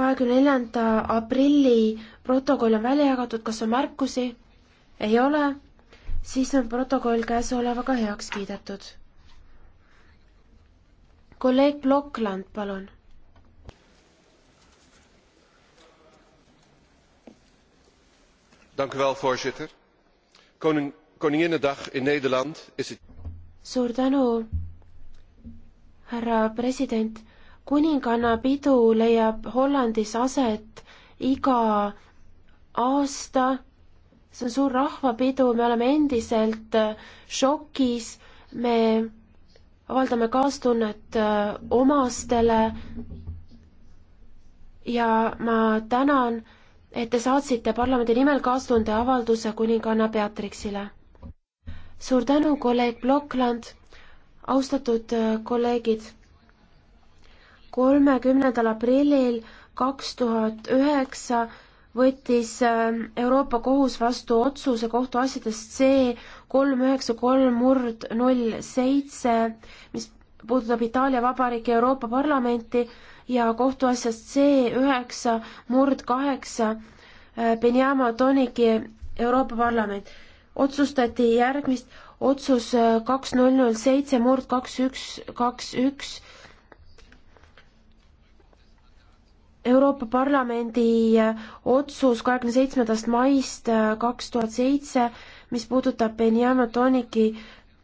kahekümne neljanda aprilli protokoll on välja jagatud, kas on märkusi? ei ole, siis on protokoll käesolevaga heaks kiidetud. kolleeg Blokland, palun. voorzitter. Koning, koninginnedag in Nederland is het. suur tänu, härra president kuninganna pidu leiab Hollandis aset iga aasta, see on suur rahvapidu, me oleme endiselt äh, šokis, me avaldame kaastunnet äh, omastele ja ma tänan, et te saatsite parlamendi nimel kaastunde avalduse kuninganna Beatrixile. suur tänu, kolleeg Blokland, austatud äh, kolleegid kolmekümnendal aprillil kaks tuhat üheksa võttis äh, Euroopa Kohus vastu otsuse kohtuasjadest C kolm üheksa kolm murd null seitse, mis puudutab Itaalia Vabariigi Euroopa Parlamenti ja kohtuasjast C üheksa murd kaheksa äh, Benjamo Toniki Euroopa Parlament. otsustati järgmist, otsus äh, kaks null null seitse murd kaks üks kaks üks Euroopa Parlamendi otsus kahekümne seitsmendast maist kaks tuhat seitse, mis puudutab Benjamin Toniki